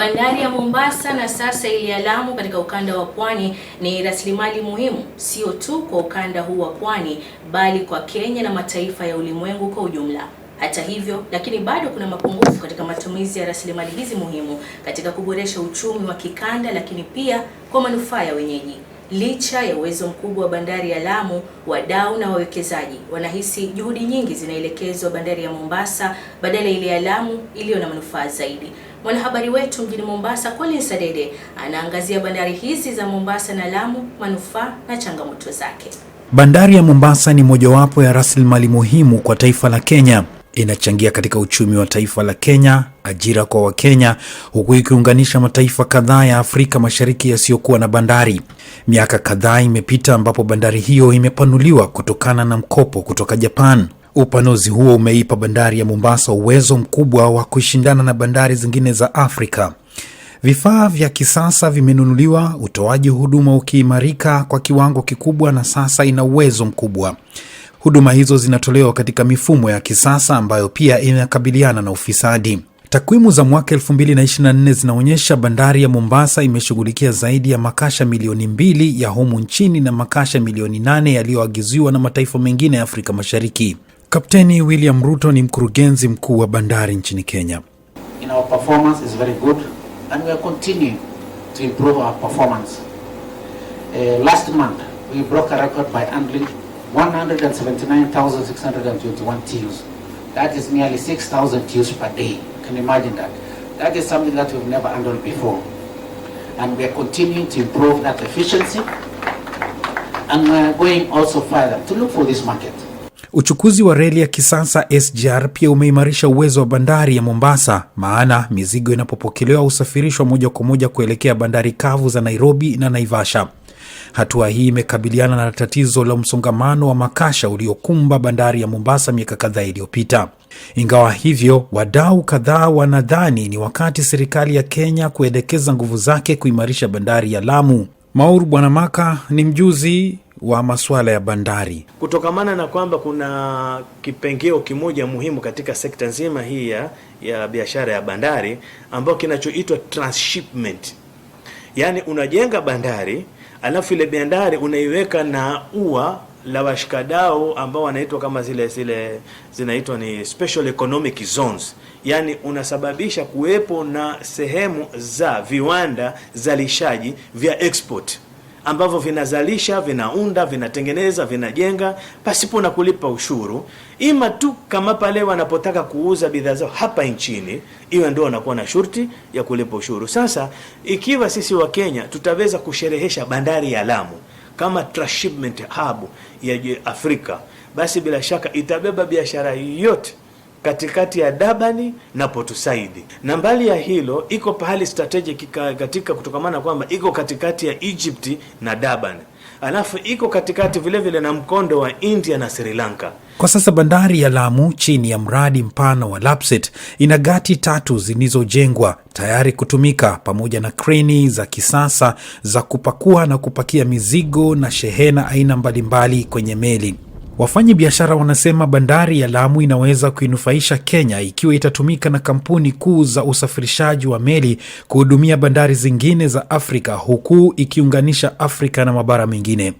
Bandari ya Mombasa na sasa ile ya Lamu katika ukanda wa Pwani ni rasilimali muhimu sio tu kwa ukanda huu wa Pwani bali kwa Kenya na mataifa ya ulimwengu kwa ujumla. Hata hivyo, lakini bado kuna mapungufu katika matumizi ya rasilimali hizi muhimu katika kuboresha uchumi wa kikanda, lakini pia kwa manufaa ya wenyeji. Licha ya uwezo mkubwa wa bandari ya Lamu, wadau na wawekezaji wanahisi juhudi nyingi zinaelekezwa bandari ya Mombasa badala ile ya Lamu iliyo na manufaa zaidi. Mwanahabari wetu mjini Mombasa, Colin Sadede anaangazia bandari hizi za Mombasa na Lamu, manufaa na changamoto zake. Bandari ya Mombasa ni mojawapo ya rasilimali muhimu kwa taifa la Kenya. Inachangia katika uchumi wa taifa la Kenya, ajira kwa Wakenya, huku ikiunganisha mataifa kadhaa ya Afrika Mashariki yasiyokuwa na bandari. Miaka kadhaa imepita ambapo bandari hiyo imepanuliwa kutokana na mkopo kutoka Japan. Upanuzi huo umeipa bandari ya Mombasa uwezo mkubwa wa kushindana na bandari zingine za Afrika. Vifaa vya kisasa vimenunuliwa, utoaji huduma ukiimarika kwa kiwango kikubwa, na sasa ina uwezo mkubwa. Huduma hizo zinatolewa katika mifumo ya kisasa ambayo pia inakabiliana na ufisadi. Takwimu za mwaka 2024 zinaonyesha bandari ya Mombasa imeshughulikia zaidi ya makasha milioni mbili ya humu nchini na makasha milioni nane yaliyoagiziwa na mataifa mengine ya Afrika Mashariki. Kapteni William Ruto ni mkurugenzi mkuu wa bandari nchini Kenya. In our performance is very good and we are continuing to improve our performance. Uh, last month we broke a record by handling 179,621 TEUs. That is nearly 6,000 TEUs per day. You can imagine that. That is something that we've never handled before. And we are continuing to improve that efficiency and we are going also further to look for this market. Uchukuzi wa reli ya kisasa SGR pia umeimarisha uwezo wa bandari ya Mombasa, maana mizigo inapopokelewa husafirishwa moja kwa moja kuelekea bandari kavu za Nairobi na Naivasha. Hatua hii imekabiliana na tatizo la msongamano wa makasha uliokumba bandari ya Mombasa miaka kadhaa iliyopita. Ingawa hivyo, wadau kadhaa wanadhani ni wakati serikali ya Kenya kuelekeza nguvu zake kuimarisha bandari ya Lamu. Maur Bwanamaka ni mjuzi wa masuala ya bandari, kutokamana na kwamba kuna kipengeo kimoja muhimu katika sekta nzima hii ya, ya biashara ya bandari ambayo kinachoitwa transshipment, yaani unajenga bandari alafu ile bandari unaiweka na ua la washikadau ambao wanaitwa kama zile zile zinaitwa ni special economic zones, yaani unasababisha kuwepo na sehemu za viwanda zalishaji vya export ambavyo vinazalisha, vinaunda, vinatengeneza, vinajenga pasipo na kulipa ushuru, ima tu kama pale wanapotaka kuuza bidhaa zao hapa nchini, iwe ndio wanakuwa na shurti ya kulipa ushuru. Sasa ikiwa sisi wa Kenya tutaweza kusherehesha bandari ya Lamu kama transshipment hub ya Afrika, basi bila shaka itabeba biashara yote katikati ya Dabani na Port Said, na mbali ya hilo iko pahali strategic katika kutokamana kwamba iko katikati ya Egypt na Daban, alafu iko katikati vile vile na mkondo wa India na Sri Lanka. Kwa sasa bandari ya Lamu chini ya mradi mpana wa Lapset ina gati tatu zilizojengwa tayari kutumika pamoja na kreni za kisasa za kupakua na kupakia mizigo na shehena aina mbalimbali kwenye meli wafanyi biashara wanasema bandari ya Lamu inaweza kuinufaisha Kenya ikiwa itatumika na kampuni kuu za usafirishaji wa meli kuhudumia bandari zingine za Afrika huku ikiunganisha Afrika na mabara mengine.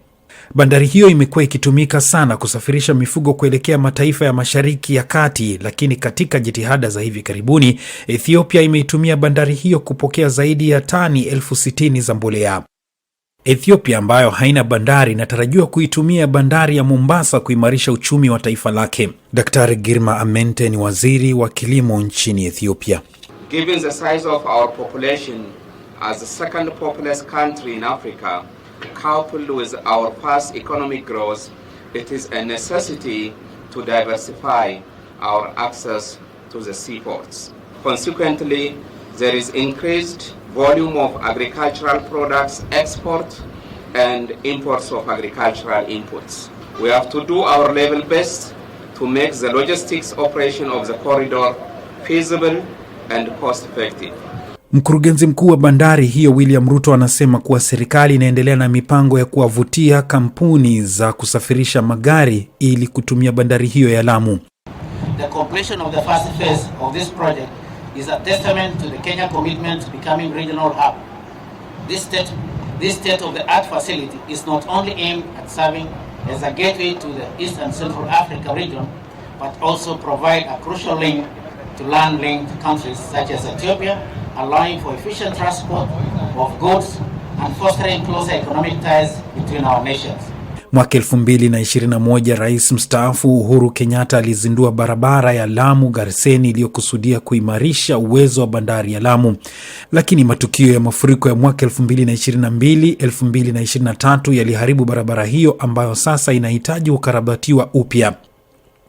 Bandari hiyo imekuwa ikitumika sana kusafirisha mifugo kuelekea mataifa ya Mashariki ya Kati, lakini katika jitihada za hivi karibuni, Ethiopia imeitumia bandari hiyo kupokea zaidi ya tani elfu sitini za mbolea. Ethiopia ambayo haina bandari inatarajiwa kuitumia bandari ya Mombasa kuimarisha uchumi wa taifa lake. Daktari Girma Amente ni waziri wa kilimo nchini Ethiopia. Given the size of our population as the second populous country in Africa coupled with our past economic growth it is a necessity to diversify our access to the seaports. Consequently there is increased volume of agricultural products export and imports of agricultural inputs. We have to do our level best to make the logistics operation of the corridor feasible and cost effective. Mkurugenzi mkuu wa bandari hiyo William Ruto anasema kuwa serikali inaendelea na mipango ya kuwavutia kampuni za kusafirisha magari ili kutumia bandari hiyo ya Lamu. The completion of the first phase of this project is a testament to the Kenya commitment to becoming regional hub. This state, this state-of-the-art facility is not only aimed at serving as a gateway to the East and Central Africa region, but also provide a crucial link to land-linked countries such as Ethiopia, allowing for efficient transport of goods and fostering closer economic ties between our nations. Mwaka moja rais mstaafu Uhuru Kenyatta alizindua barabara ya Lamu Garseni iliyokusudia kuimarisha uwezo wa bandari ya Lamu, lakini matukio ya mafuriko ya mwaka 2022 tatu yaliharibu barabara hiyo ambayo sasa inahitaji kukarabatiwa upya.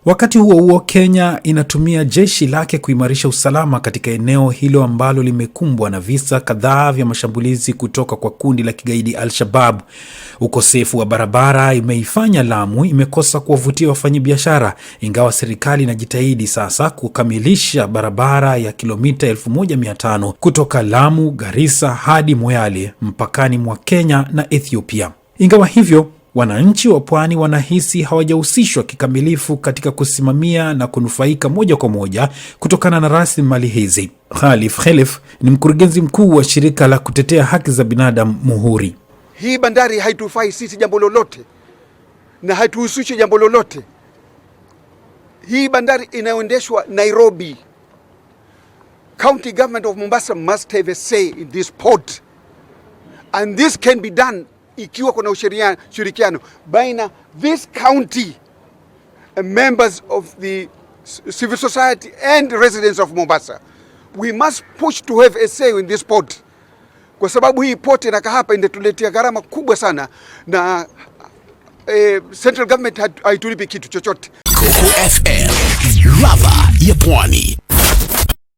Wakati huo huo, Kenya inatumia jeshi lake kuimarisha usalama katika eneo hilo ambalo limekumbwa na visa kadhaa vya mashambulizi kutoka kwa kundi la kigaidi Al-Shabab. Ukosefu wa barabara imeifanya Lamu imekosa kuwavutia wafanyabiashara, ingawa serikali inajitahidi sasa kukamilisha barabara ya kilomita 1500 kutoka Lamu, Garissa hadi Moyale mpakani mwa Kenya na Ethiopia. Ingawa hivyo Wananchi wa pwani wanahisi hawajahusishwa kikamilifu katika kusimamia na kunufaika moja kwa moja kutokana na rasilimali hizi. Khalif helif ni mkurugenzi mkuu wa shirika la kutetea haki za binadamu Muhuri. Hii bandari haitufai sisi jambo lolote na haituhusishi jambo lolote. Hii bandari inayoendeshwa Nairobi, county government of Mombasa must have a say in this port and this can be done ikiwa kuna ushirikiano baina this county members of the civil society and residents of Mombasa. We must push to have a say in this port, kwa sababu hii port inakaa hapa inatuletea gharama kubwa sana na eh, central government haitulipi kitu chochote. Coco FM, ladha ya Pwani.